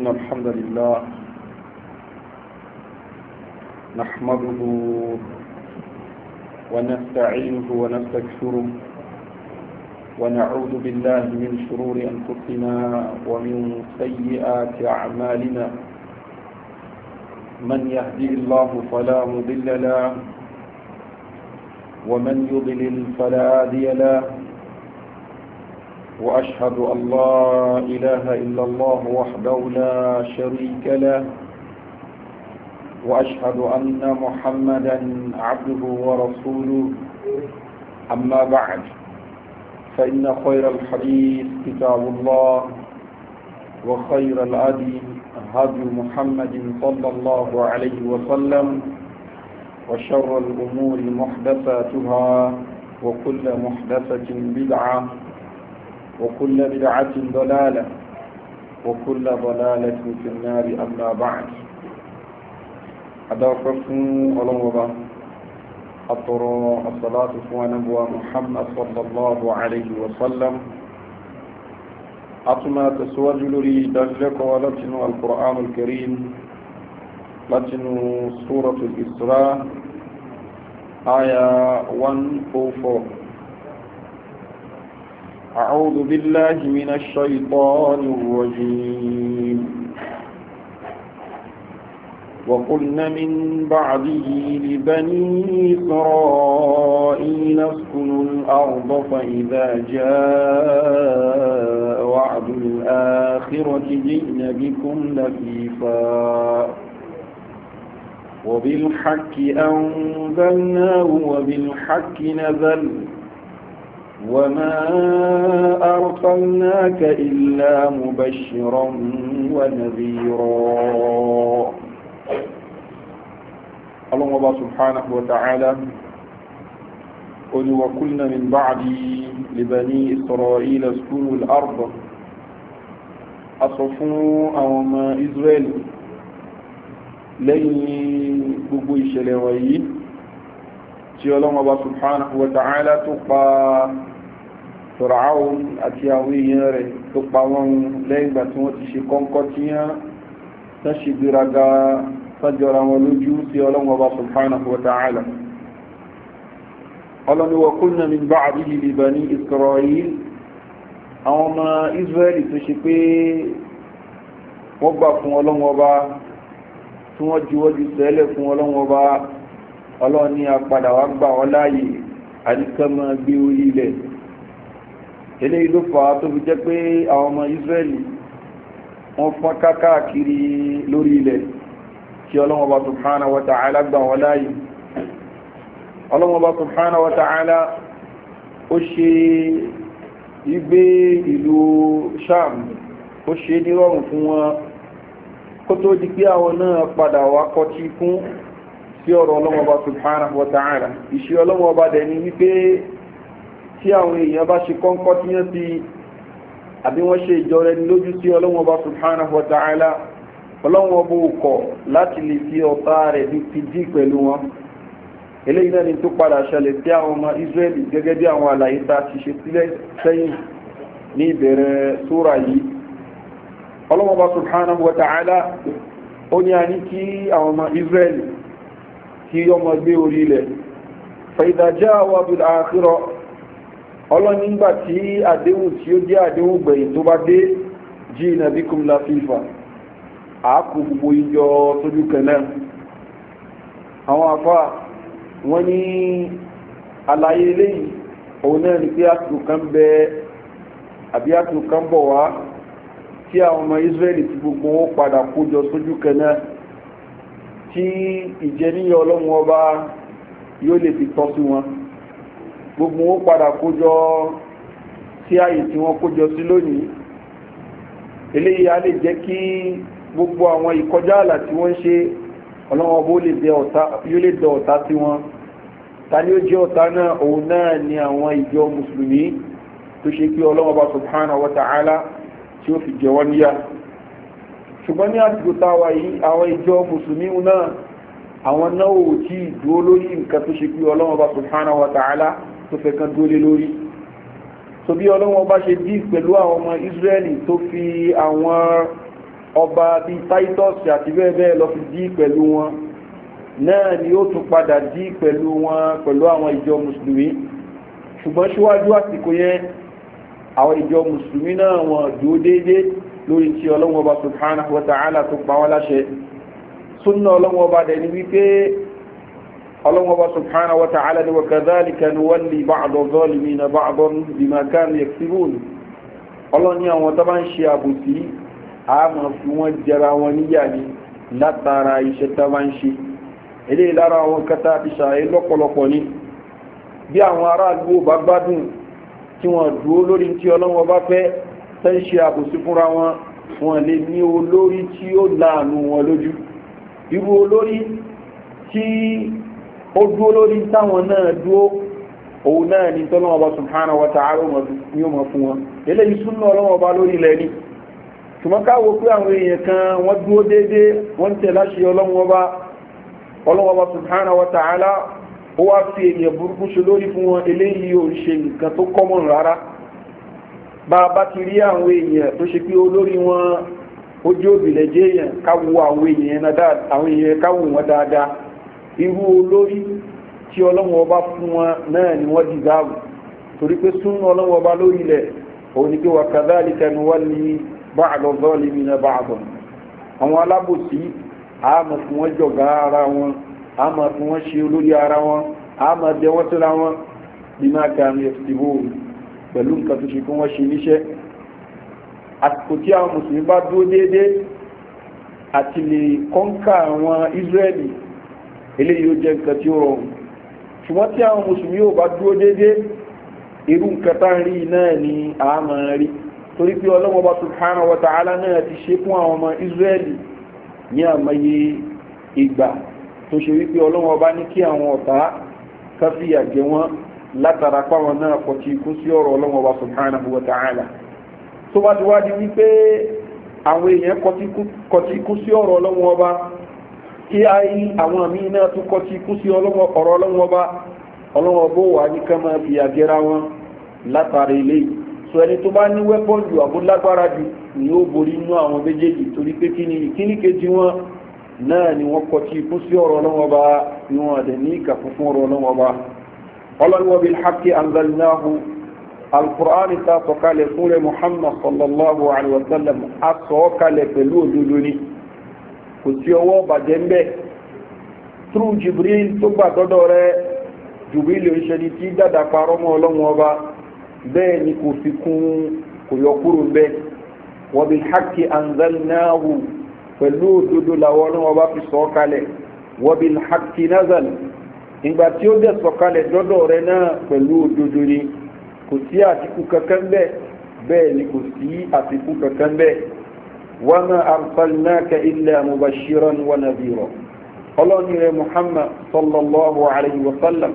إن الحمد لله نحمده ونستعينه ونستكثره ونعوذ بالله من شرور أنفسنا ومن سيئات أعمالنا من يهدي الله فلا مضل له ومن يضلل فلا هادي له وأشهد أن لا إله إلا الله وحده لا شريك له وأشهد أن محمدا عبده ورسوله أما بعد فإن خير الحديث كتاب الله وخير الأدي هدي محمد صلى الله عليه وسلم وشر الأمور محدثاتها وكل محدثة بدعة وكل بدعة ضلالة وكل ضلالة في النار أما بعد أدعوكم الله أطرى الصلاة ونبوى محمد صلى الله عليه وسلم أطمى تسوج لي دجلك ولتن القرآن الكريم لتن سورة الإسراء آية 104 أعوذ بالله من الشيطان الرجيم وقلنا من بعده لبني إسرائيل اسكنوا الأرض فإذا جاء وعد الآخرة جئن بكم لفيفا وبالحق أنزلناه وبالحق نزل وما أرسلناك إلا مبشرا ونذيرا اللهم الله سبحانه وتعالى قل وكلنا من بعدي لبني إسرائيل اسكنوا الأرض أصفوا أو ما إسرائيل لن يبوي الشلوين tí ọlọ́run ọba subhanahu wa ta'ala tó pa Fir'aun àti àwọn èèyàn rẹ̀ tó pa wọ́n lẹ́yìn ìgbà tí wọ́n ti ṣe kọ́ńkọ́ tí yán tán ṣe gbéraga sájọra wọn lójú tí ọlọ́run ọba subhanahu wa ta'ala ọlọ́ni wa kunna min ba'dihi li bani Isra'il àwọn ọmọ Israẹli tó ṣe pé wọ́n gbà fún ọlọ́run ọba tí wọ́n juwọ́jú sẹ́lẹ̀ fún ọlọ́run ọba ọlọ́run ní apadà wá gbà ọ́ láàyè àdìkàmọ́ gbé orí ilẹ̀ eléyìí ló fà á tó fi jẹ́ pé àwọn ọmọ Israẹli wọ́n fọ́n káàkiri lórí ilẹ̀ tí ọlọ́mọba subhanahu wa ta'ala gbà wọ́n láàyè ọlọ́mọba subhanahu wa ta'ala ó ṣe ìgbé ìlú sham ó ṣe nírọ̀rùn fún wọn kó tó di pé àwọn náà padà wá kọtí fún sí ọ̀rọ̀ ọlọ́wọ́ ọba subhanahu wa ta'ala ìṣe ọlọ́wọ́ ọba dẹ̀ wípé tí àwọn èèyàn bá ṣe kọ́ńkọ́ tí wọ́n ti àbí wọ́n ṣe ìjọ rẹ̀ lójú tí ọba ọba láti lè fi ọ̀tá rẹ̀ bí ti pẹ̀lú wọn eléyìí kí ọmọ gbé orí ilẹ̀ fẹ̀yìntàjá wa bil àkírọ̀ ọlọ́ni ńgbà tí àdéhùn tí ó jẹ́ àdéhùn gbẹ̀yìn tó bá dé jí ìnàbí kùmlà fífà àákò gbogbo ìjọ tójú kẹlẹ́ àwọn afá wọ́n ní àlàyé eléyìí òun náà ni pé àtò kan bẹ àbí àtò kan bọ̀ wá tí àwọn ọmọ Israẹli ti gbogbo wọn padà kójọ sójú kẹlẹ́ tí ìjẹníyà ọlọ́run ọba yóò lè fi tọ́ sí wọn gbogbo wọn padà kójọ sí ààyè tí wọ́n kójọ sí lónìí eléyìí á lè jẹ́ kí gbogbo àwọn ìkọjá àlà tí wọ́n ń ṣe ọlọ́run ọba yóò lè dẹ ọ̀tá sí wọn ta ni ó jẹ́ ọ̀tá náà òun náà ni àwọn ìjọ mùsùlùmí tó ṣe pé ọlọ́run ọba subhanahu wa ta'ala tí ó fi jẹ wọ́n níyà ṣùgbọ́n ní àsìkò táwa yìí àwọn ìjọ mùsùlùmí náà àwọn náà ò tí ì dúró lórí nǹkan tó ṣe pé ọlọ́run ọba subhanahu wa ta'ala tó fẹ́ kan dúró lé lórí so bí ọlọ́run ọba ṣe dí pẹ̀lú àwọn ọmọ Ísírẹ́lì tó fi àwọn ọba bíi Titus àti bẹ́ẹ̀ bẹ́ẹ̀ lọ fi dí pẹ̀lú wọn náà ni ó tún padà dí pẹ̀lú wọn pẹ̀lú àwọn ìjọ mùsùlùmí ṣùgbọ́n síwájú àsìkò yẹn àwọn ìjọ mùsùlùmí náà wọn dúró déédéé lórí tí ọlọ́wọ́ ọba subhanahu wa ta'ala tó pa wọ́n láṣẹ súnà ọlọ́wọ́ ọba dẹ̀ ni wípé ọlọ́wọ́ ọba subhanahu wa ta'ala ni wa kadhalika nuwalli ba'da zalimina ba'dan bima kanu yaksibun ọlọ́ni àwọn tó bá ń ṣe àbòsí a máa fi wọ́n jẹra wọn níyà ni látara iṣẹ́ tó bá ń ṣe eléyìí lára àwọn kẹta ti ṣàlàyé lọ́pọ̀lọpọ̀ ni bí àwọn aráàlú bá gbádùn tí wọ́n dúró lórí tí ọlọ́wọ́ bá fẹ́ tẹ́ ń ṣe àbòsí fúnra wọn wọn lè ní olórí tí ó láàánú wọn lójú irú olórí tí ó dúó lórí táwọn náà dúó òun náà ni tọ́lọ́ ọba subhanahu wa ta'ala ni ó mọ̀ fún wọn eléyìí súnmọ́ ọlọ́wọ́ ọba lórí ilẹ̀ ni ṣùgbọ́n káwọ pé àwọn èèyàn kan wọ́n dúó déédéé wọ́n tẹ̀ láṣẹ ọlọ́wọ́ ọba ọlọ́wọ́ ọba subhanahu ó wá fi èèyàn burúkú ṣe lórí fún wọn eléyìí ò ń ṣe nǹkan tó kọ́mọ̀ rárá bá a bá ti rí àwọn èèyàn tó ṣe pé olórí wọn ojú òbílẹ̀ jẹ́ èèyàn káwo àwọn èèyàn àwọn èèyàn wọn dáadáa irú olórí tí ọba fún wọn náà ni wọ́n dìgáàbù torí pé ọba lórí ilẹ̀ ni pé wà kàdáàlì kẹnu wá ní báàdọ̀ zọ́ọ̀lì mi náà báàdọ̀ àwọn alábòsí àmọ̀ fún wọn jọ̀gá ara wọn àmọ̀ fún wọn ṣe olórí ara wọn àmọ̀ wọn pẹ̀lú nǹkan tó ṣe kí wọ́n ṣe níṣẹ́ àsìkò tí àwọn mùsùlùmí bá dúró déédéé àti lè kọ́ńkà àwọn Ísírẹ́lì eléyìí ó jẹ́ nǹkan tí ó rọrùn ṣùgbọ́n tí àwọn mùsùlùmí ò bá dúró déédéé irú nǹkan tá ń rí náà ni a máa rí torí pé ọlọ́wọ́ bá subhanahu wa ta'ala náà ti ṣe fún àwọn ọmọ Ísírẹ́lì ní àmọye ìgbà tó ṣe wípé ọlọ́wọ́ bá ní kí àwọn ọ̀tá káfíyà jẹ wọ́n látara wọn náà fọ̀tí kú sí ọ̀rọ̀ ọlọ́wọ́n wa subhanahu wa ta'ala tó bá ti wá di wípé àwọn èèyàn kọtí kú sí ọ̀rọ̀ ọlọ́wọ́n ọba kí ayé àwọn míì náà tún kọtí kú sí ọ̀rọ̀ wà ní ká máa wọn látara ilé sọ ẹni tó bá ní wẹ́pọ̀n ni ó borí inú àwọn méjèèjì ni kejì wọn náà ni wọ́n sí ni wọ́n àdẹ̀ ní ọlọ́niwọ́ bíi haki anzalnahu alukur'ani ta sọ̀kalẹ̀ fúnre muhammad sallallahu alayhi wa sallam a sọ̀kalẹ̀ pẹ̀lú òdodo ni kò sí ọwọ́ bàjẹ́ ń bẹ̀ tru jibril tó gbà dọ́dọ̀ rẹ jibril ò ń ṣe ni tí dàdà parọ́ mọ́ ọlọ́run ọba bẹ́ẹ̀ ni kò fi kún kò yọ kúrò bẹ́ẹ̀ wọ́n bíi haki pẹ̀lú òdodo làwọn ọlọ́run ọba fi sọ̀kalẹ̀ wọ́n bíi nazal ìgbà tí ó dẹ̀ sọ̀kalẹ̀ dọ́dọ̀ rẹ náà pẹ̀lú òdodo ni kò sí àtìkú kankan bẹ́ẹ̀ bẹ́ẹ̀ ni kò sí àtìkú kankan bẹ́ẹ̀ wa ma arsalnaka illa mubashiran wa nadhira ọlọ́ni rẹ muhammad sallallahu alayhi wa sallam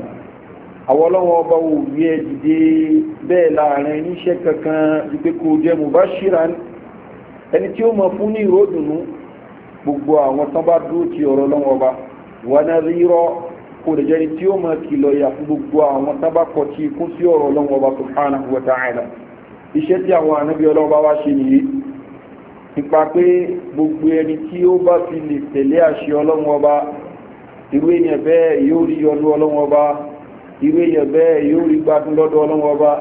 àwọn ọlọ́wọ́ ọba wò ní ẹ dìde bẹ́ẹ̀ láàrin níṣẹ́ kankan wípé kò jẹ́ mubashiran ẹni tí ó mọ̀ fún ní ìròdùnú gbogbo àwọn tán bá dúró ti ọ̀rọ̀ ọlọ́wọ́ ọba wa nadhira kò lè jẹ́ni tí ó máa kìlọ̀ ìyà fún gbogbo àwọn tábàkọ̀ tí kún sí ọ̀rọ̀ ọlọ́run ọba subhanahu wa ta'ala iṣẹ́ tí àwọn ànábì ọlọ́run bá wá ṣe nìyí nípa pé gbogbo ẹni tí ó bá fi lè tẹ̀lé àṣẹ ọlọ́run ọba irú èèyàn bẹ́ẹ̀ yóò rí ọdún ọlọ́run ọba irú èèyàn bẹ́ẹ̀ yóò rí gbádùn lọ́dọ̀ ọlọ́run ọba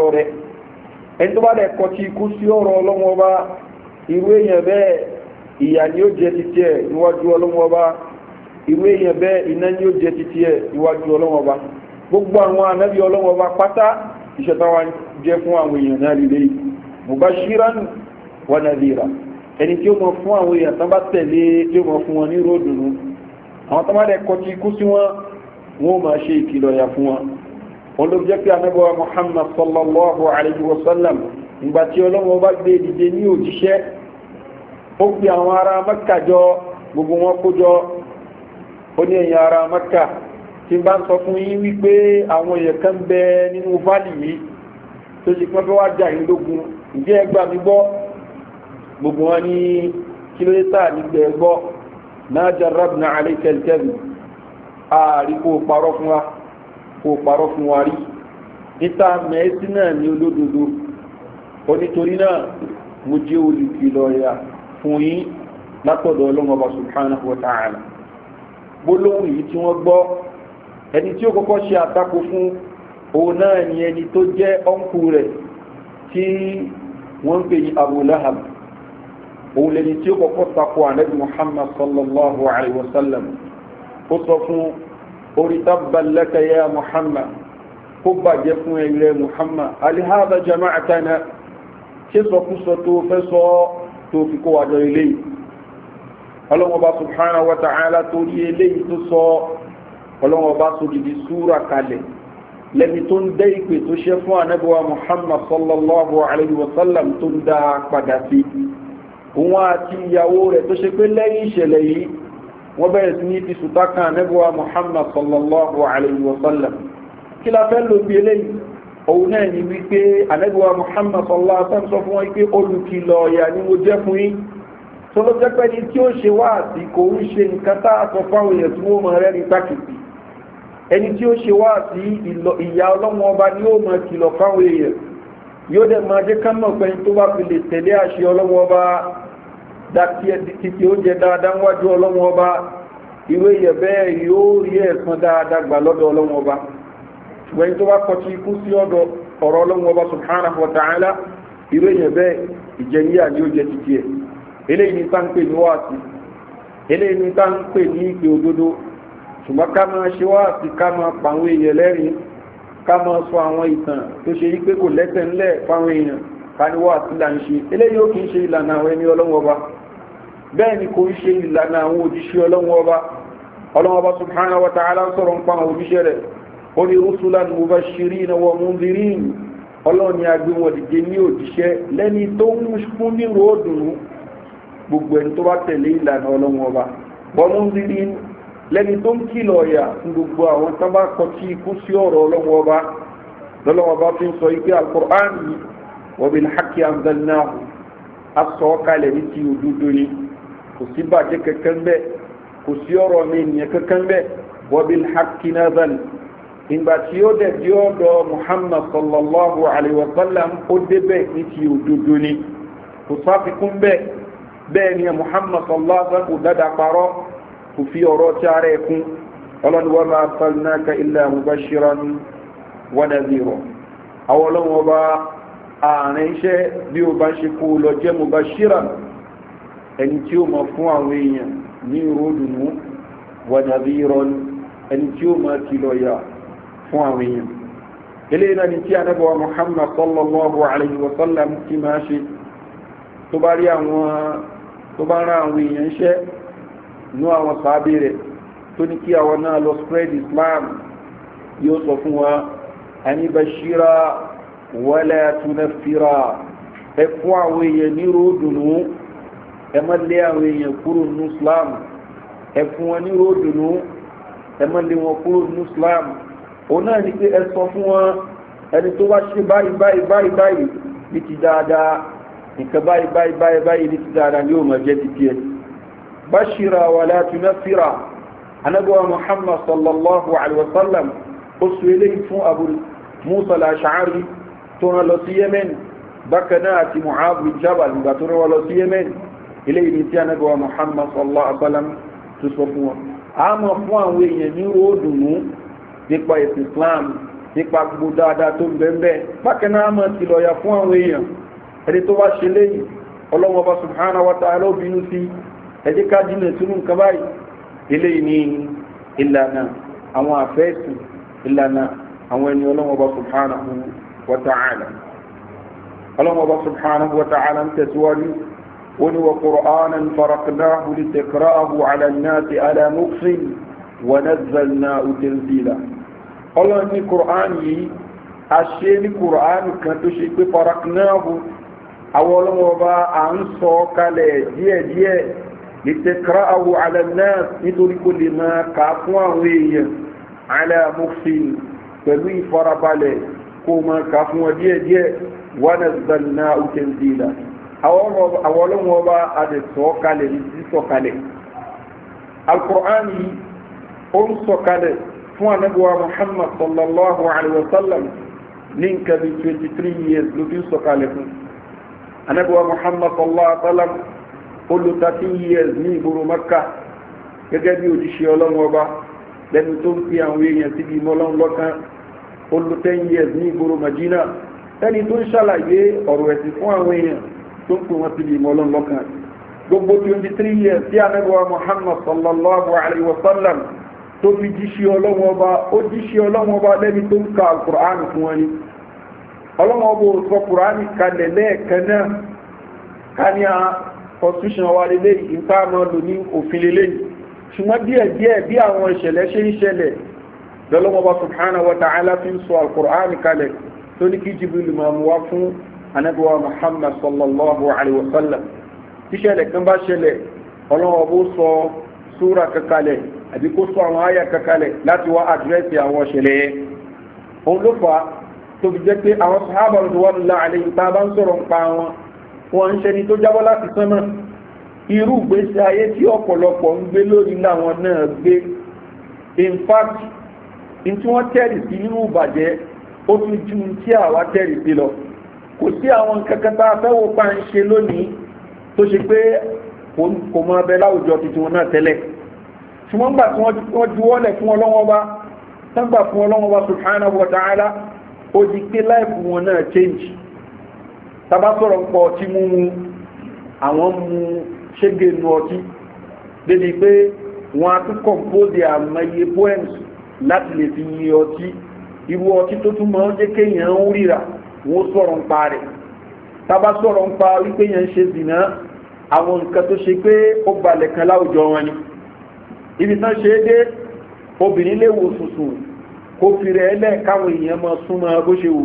lọ rẹ̀ ẹni tó bá dẹ̀ tí kún sí ọ̀rọ̀ ọlọ́run ọba irú èèyàn bẹ́ẹ̀ ìyà ni ó jẹ títí ẹ̀ níwájú ọlọ́wọ́ bá irú èèyàn bẹ́ẹ̀ iná ni ó jẹ títí ẹ̀ níwájú ọlọ́wọ́ bá gbogbo àwọn anábì ọlọ́wọ́ bá pátá iṣẹ́ táwa fún àwọn èèyàn náà lílé mubashiran wa nadhira ẹni tí ó mọ fún àwọn èèyàn tán bá tẹ̀lé tí ó mọ fún wọn ní ròdùnú àwọn tán bá dẹ̀ kọtí ikú sí wọn wọn ò máa ṣe ìkìlọ̀ yà fún wọn wọn ló jẹ́ pé anábọ̀ muhammad sallallahu alayhi wa sallam ìgbà tí ọlọ́wọ́ bá gbé dìde ní òjíṣẹ́ ó pe àwọn ará mẹ́kà jọ gbogbo wọn kó jọ ó ní ẹ̀yìn ará mẹ́kà tí n bá ń sọ fún yín wípé àwọn èèyàn kan bẹ nínú fálì yìí tó ṣe pẹ́ fẹ́ wá jà yín lógun ǹjẹ́ ẹ gbà gbọ́ gbogbo wọn ní kílódétà nígbà ẹ gbọ́ náà jẹ́ rábìnà àlẹ́ kẹ́lẹ́kẹ́lẹ́ ààrí kó parọ́ fún wa kó parọ́ fún wa rí níta mẹ́ẹ́sì náà ní olódodo ó náà mo jẹ́ olùkìlọ̀ ẹ̀yà fún yín látọ̀dọ̀ ọlọ́run ọba subhanahu wa ta'ala gbólóhùn yìí tí wọ́n gbọ́ ẹni tí ó kọ́kọ́ ṣe àtakò fún òun náà ni ẹni tó jẹ́ ọ́nkù rẹ̀ tí wọ́n ń pè ní Abu Lahab òun lẹni tí ó kọ́kọ́ takò ànábì Muhammad sallallahu alayhi wa sallam ó sọ fún orí tábàlẹ́kẹ̀ yá Muhammad kó bàjẹ́ fún ẹ̀rẹ́ Muhammad alihaba jama'atana ṣé sọkúsọ tó fẹ́ sọ ọ́ tó fi kó wa jọ eléyìí ọlọ́wọ́ba subhanahu wa ta'ala torí eléyìí tó sọ ọlọ́wọ́ba sódìdí súra kalẹ̀ lẹ́ni tó ń dẹ́ ìpè tó ṣe fún anábíwá muhammad sallallahu alayhi wa sallam tó ń dá padà sí òun àti ìyàwó rẹ̀ tó ṣe pé lẹ́yìn ìṣẹ̀lẹ̀ yìí wọ́n bẹ̀rẹ̀ sí ní ti sùtá kan anábíwá muhammad sallallahu alayhi wa sallam kí la fẹ́ lò bí eléyìí òun náà ni wípé anẹ́gbẹ̀wà muhammad sọlá sọ́n sọ fún wọn pé olùkìlọ̀ ọ̀yà ni mo jẹ́ fún yín tó ló jẹ́ pé ní tí ó ṣe wá àti kò ń ṣe nǹkan tá a sọ fáwọn èèyàn tí wọ́n mọ rẹ́rìn pàkìtì ẹni tí ó ṣe wá àti ìyá ọlọ́wọ́n ọba ni ó mọ kìlọ̀ fáwọn èèyàn yóò dẹ̀ máa jẹ́ ká mọ̀ pé ní tó bá fi lè tẹ̀lé àṣẹ ọlọ́wọ́n ọba títí ó dáadáa wájú ọlọ́wọ́n ọba ìwé yẹ̀ bẹ́ẹ̀ yóò rí ẹ̀sán dáadáa gbà lọ́dọ̀ ọlọ́wọ́n ọba. ṣùgbọ́n tó bá kọtí ikú sí ọ̀dọ̀ ọ̀rọ̀ ọlọ́run ọba subhanahu wa ta'ala irú èèyàn bẹ́ẹ̀ ìjẹniyà ni ó jẹ títí ẹ̀ eléyìí ni táǹpẹ̀ ní wáàsí eléyìí ni ní ìpè òdodo ṣùgbọ́n ká máa ṣe wáàsí ká máa pàwọn èèyàn lẹ́rìn sọ àwọn ìtàn tó ṣe kò ńlẹ̀ fáwọn èèyàn ká ní wáàsí là ń ṣe eléyìí ó kì í ọba bẹ́ẹ̀ ni kò ṣe ìlànà àwọn òjíṣẹ́ ọlọ́run ọba ọlọ́run ọba subhanahu wa ta'ala sọ̀rọ̀ ń pa àwọn ó ní rúṣùlá ní mubashirina wa mundhirin ọlọ́run ni agbé wọn dìde ní òjíṣẹ́ lẹ́ni tó ń fún ní ròódùnú gbogbo ẹni tó bá tẹ̀lé ìlànà ọlọ́run ọba wa mundhirin lẹ́ni tó ń kìlọ̀ ọ̀yà fún gbogbo àwọn tó bá kọtí ikú sí ọ̀rọ̀ ọlọ́run ọba lọ́lọ́run ọba fi ń sọ ike alukur'an yìí wa bil haqqi anzalnahu asọ kalẹ̀ ní ti òdodo ni kò sí bàjẹ́ kankan bẹ́ẹ̀ kò sí ọ̀rọ̀ mi ìnìyàn kankan bẹ́ẹ̀ wa bil haqqi nazal ìgbà tí ó dẹ̀ bí ọ̀dọ̀ muhammad sallallahu alayhi wa sallam ó débẹ̀ ní ti òdodo ni kò sáfikún bẹ́ẹ̀ bẹ́ẹ̀ ni muhammad sallallahu alayhi wa sallam kò dáadáa parọ́ kò fi ọ̀rọ̀ tí ara ẹ̀ kún ọlọ́niwọ́n máa sọ́nà ká ilẹ̀ mubashiran wọ́n dàbí rọ̀ àwọn ọlọ́wọ́n ọba ààrin iṣẹ́ bí o bá ṣe kó lọ jẹ́ mubashiran ẹni tí ó mọ̀ fún àwọn èèyàn ní ìròdùnú wọ́n dàbí rọ̀ ẹni tí ó mọ̀ kìlọ̀ yà fún àwọn èèyàn eléyìí náà ni tí anábọ̀wá muhammad sallallahu alayhi wa sallam ti máa ṣe tó bá rí àwọn tó bá rán àwọn èèyàn iṣẹ́ nú àwọn sàábì rẹ̀ tó ní kí àwọn náà lọ spread islam yóò sọ fún wa ani bashira wala tunafira ẹ fún àwọn èèyàn ní ròdùnú ẹ má lé àwọn èèyàn kúrò nínú islam ẹ fún wọn ní ròdùnú ẹ má lé wọn kúrò nínú islam òun náà ni pé ẹ sọ fún wọn ẹni tó wá ṣe báyìí báyìí báyìí báyìí ní ti dáadáa nǹkan báyìí báyìí báyìí báyìí ní ti dáadáa ni yóò máa jẹ́ títí ẹ. bashira wala tunafira anabiwa muhammad sallallahu alaihi wa sallam ó sọ eléyìí fún abu musa al-ash'ari tó rán lọ sí yemen bákan náà àti mu'adh jabal nígbà tó rán lọ sí yemen eléyìí ni tí anabiwa muhammad sallallahu alaihi wa sallam tó sọ fún wọn. a fún àwọn èèyàn ní ròdùnú nípa ètò Islam nípa gbogbo dáadáa tó ń bẹ́ẹ̀ bẹ́ẹ̀ bákan náà máa ti lọ́ọ̀yà fún àwọn èèyàn ẹni tó wá ṣe léyìn ọlọ́wọ́ bá subhanahu wa ta'ala bínú sí ẹ jẹ́ ká jìnà sínú nǹkan báyìí eléyìí ní ìlànà àwọn àfẹ́ẹ̀sì ìlànà àwọn ẹni ọlọ́wọ́ bá subhanahu wa ta'ala ń tẹ̀síwájú ó ní wa qur'anan faraqnahu li taqra'ahu 'ala an-nasi wa nazzalnahu tanzila ọlọ́run ní kùrán yìí a ṣe ní kùrán kan tó ṣe pé faraknáàbù àwọn ọlọ́wọ́ bá à ń sọ kalẹ̀ díẹ̀díẹ̀ ìtẹ̀kra àwọ̀ alẹ́ náà nítorí kò lè máa kà á fún àwọn èèyàn alẹ́ amúfin pẹ̀lú ìfarabalẹ̀ kó máa kà á fún wọn díẹ̀díẹ̀ wọn ẹ̀zẹ̀lẹ̀ náà àwọn ọlọ́wọ́ bá a lè sọ kalẹ̀ ní sísọ kalẹ̀ alukur'an yìí ó ń sọ kalẹ̀ fún anábíwá muhammad sallallahu alaihi wa sallam ní nǹkan bí twenty three years ló fi ń sọ̀kalẹ̀ fún anábíwá muhammad sallallahu alaihi wa sallam ó lò thirteen years ní ìgboro maka gẹ́gẹ́ bí òjíṣẹ́ ọlọ́run ọba lẹ́nu tó ń fi àwọn èèyàn síbi ìmọ̀lọ́run lọ́kàn ó ten years ní ìgboro madina ẹni tó ń ṣàlàyé ọ̀rọ̀ ẹ̀sìn fún àwọn èèyàn tó ń pè wọ́n síbi ìmọ̀lọ́run lọ́kàn gbogbo twenty three years tí anábíwá muhammad sallallahu alaihi wa sallam tó fi jíṣẹ́ ọlọ́wọ́n ọba ó jíṣẹ́ ọlọ́wọ́n ọba lẹ́ni tó ń ka alukur'ani fún wọn ni ọlọ́wọ́n ọba ò sọ kur'ani kalẹ̀ lẹ́ẹ̀kan náà ká ní a constitution wa lélẹ́ ìta máa lò ní òfin lélẹ́ ṣùgbọ́n díẹ̀ díẹ̀ bí àwọn ìṣẹ̀lẹ̀ ṣe ń ṣẹlẹ̀ lọ́lọ́wọ́n ọba subhanahu wa ta'ala fi ń sọ alukur'ani kalẹ̀ tó ní kí jibilu máa mú wá fún anabiwa muhammad sallallahu alayhi wa sallam tíṣẹ̀lẹ̀ kan bá ṣẹlẹ̀ ọlọ́wọ́n ọba ó sọ súra kankalẹ̀ àbí kó sọ àwọn àyà kankalẹ̀ láti wá àdírẹ́sì àwọn ṣẹlẹ̀ yẹn òun ló fà á tó fi jẹ́ pé àwọn sàhábà radiyallahu alayhim tá a bá ń sọ̀rọ̀ ń pa wọn wọn ń ṣẹni tó jábọ́ láti sánmà irú ìgbésí ayé tí ọ̀pọ̀lọpọ̀ ń gbé lórí làwọn náà gbé in fact in tí wọ́n tẹ̀rì sí nínú ìbàjẹ́ ó tún ju tí àwa tẹ̀rì sí lọ kò sí àwọn kankan tá a fẹ́ wo pa ń ṣe lónìí tó ṣe pé kò mọ abẹ láwùjọ tuntun náà tẹ́lẹ̀ ṣùgbọ́n gbà tí wọ́n juwọ́lẹ̀ fún ọlọ́wọ́ bá tán gbà fún ọlọ́wọ́ bá subhanahu wa ó di pé láìpù wọn náà change tàbá sọ̀rọ̀ pọ̀ tí mú mu àwọn mu ṣége nu ọtí débi pé wọn a tún compose àmọye poems láti lè fi yin ọtí irú ọtí tó tún máa ń jẹ́ kéèyàn ń ríra wọn sọ̀rọ̀ ń pa rẹ̀ tàbá sọ̀rọ̀ ń pa wípé yẹn ń ṣe zìnnà àwọn nǹkan tó ṣe pé ó gbalẹ̀ kan láwùjọ wọn ni ibi tán ṣe é dé obìnrin lè wo sùsùn kó fi rẹ̀ ẹlẹ́ káwọn èèyàn máa súnmọ́ bó ṣe wù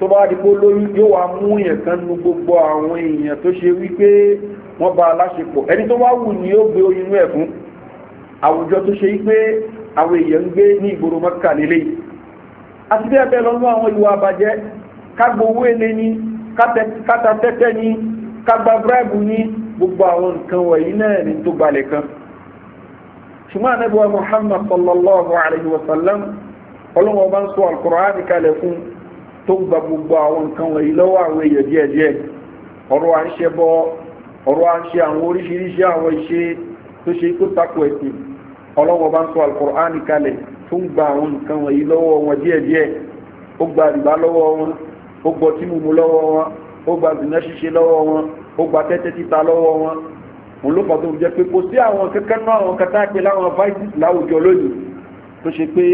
tó bá di lóyún yóò wá mú èèyàn kan nu gbogbo àwọn èèyàn tó ṣe wípé wọ́n bá aláṣepọ̀ ẹni tó wá wù ni ó gbé oyinú ẹ̀ fún àwùjọ tó ṣe wípé àwọn èèyàn ń gbé ní ìgboro mọ́kà nílé àti bí ẹ̀bẹ̀ lọ́nà àwọn ìwà àbàjẹ́ ká gbowó èlé ni ká ta tẹ́tẹ́ ni ká gba bíráìbù ni gbogbo àwọn nǹkan wọ̀nyí náà ní tó balẹ̀ kan ṣùgbọ́n anábíwá muhammad sallallahu alayhi wa sallam ọlọ́wọ́ bá ń sọ alukùránì kalẹ̀ fún tó ń gba gbogbo àwọn nǹkan wọ̀nyí lọ́wọ́ àwọn èèyàn díẹ̀díẹ̀ ọ̀rọ̀ à ń ṣe bọ́ ọ̀rọ̀ à ń ṣe àwọn oríṣiríṣi àwọn iṣẹ́ tó ṣe kó takò ẹ̀sìn ọlọ́wọ́ bá ń sọ alukùránì kalẹ̀ tó gba àwọn nǹkan wọ̀nyí lọ́wọ́ wọn díẹ̀díẹ̀ ó gba àdìbá lọ́wọ́ wọn ó gbọ́ tí mo mú lọ́wọ́ wọn ó gba zìnà ṣíṣe lọ́wọ́ wọn ó gba tẹ́tẹ́ títa lọ́wọ́ wọn òun ló fàtó jẹ́ pé kò sí àwọn kankan náà àwọn kata pé láwọn vices láwùjọ lónìí tó ṣe pé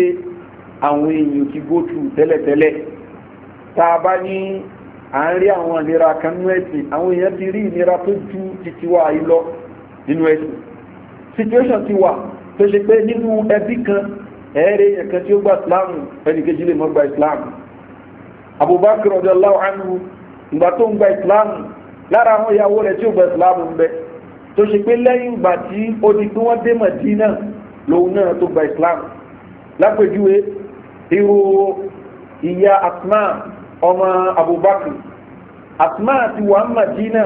àwọn èèyàn ti go through tẹ́lẹ̀tẹ́lẹ̀ tá a bá ní à ń rí àwọn ìlera kan nínú ẹ̀sìn àwọn èèyàn ti rí ìlera tó ju titi wa yìí lọ nínú ẹ̀sìn situation ti wà tó ṣe pé nínú ẹbí kan ẹ̀ẹ́rẹ́ èèyàn kan tí ó gba ìsìláàmù ẹnìkejì lè mọ́ gba ìsìláàmù Abubakar ọ̀dọ́ aláwọ̀ ánú ìgbà tó ń gba ìsìláàmù lára àwọn ìyàwó rẹ̀ tí ò gbà ìsìláàmù ń bẹ tó ṣe pé lẹ́yìn ìgbà tí ó di pé wọ́n dé Mádínà lòun náà tó gba ìsìláàmù lápèjúwe irú ìyá Asma ọmọ Abubakar Asma ti wà Mádínà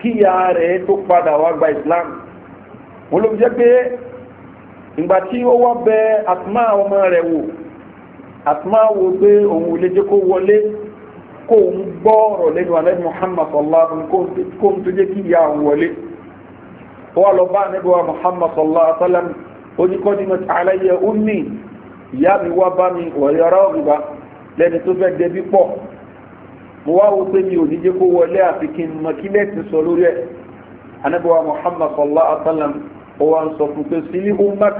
kí ìyá rẹ̀ tó padà wá gba ìsìláàmù wọ́n ló fi jẹ́ pé ìgbà tí ó wá bẹ̀ Asma ọmọ rẹ̀ wò Asma wo pé òun ò lè jẹ́ kó wọlé kó ń gbọ́ ọ̀rọ̀ lẹ́nu alẹ́ muhammad sallallahu alaihi wasallam kó ń tó jẹ́ kí ìyá òun wọlé wọ́n lọ bá ànábì wa muhammad sallallahu alaihi wasallam oníkọ́ni mọ̀tí aláyẹ ummi ìyá mi wá bá mi wọ̀yọ̀rọ̀ ọ̀gbà lẹ́ni tó fẹ́ dẹbi pọ̀ mo wá wo pé mi ò ní jẹ́ kó wọlé àfi kí n mọ kí lẹ́sìn sọ lórí ẹ̀ ànábì wa muhammad sallallahu alaihi wasallam ó wá ń sọ fún pé sílí ummak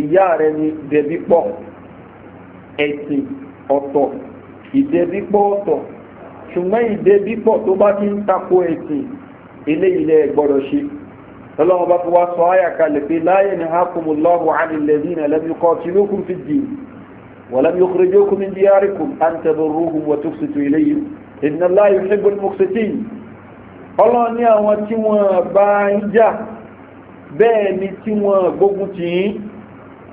ìyá rẹ ni dẹbi pọ̀ ẹ̀sìn ọ̀tọ̀ ìdẹbi pọ̀ ọ̀tọ̀ ṣùgbọ́n ìdè bípọ̀ tó bá ti ń tako ẹ̀sìn eléyìí lẹ gbọ́dọ̀ ṣe lọ́lọ́wọ́ bá fi wá sọ ayà kalẹ̀ pé láyé ni ha kùmù lọ́hùn á nílẹ̀ bí nà lẹ́mí kọ́ tí ló kún fi dì wà lẹ́mí kúrò kún ní yára kùn rúhùn wà tó sùtù eléyìí ìdìnnà láyé ní gbọ́dọ̀ mọ̀kúsẹ́tì ọlọ́run ní àwọn tí wọ́n bá ń jà bẹ́ẹ̀ ni tí wọ́n gbógun tì í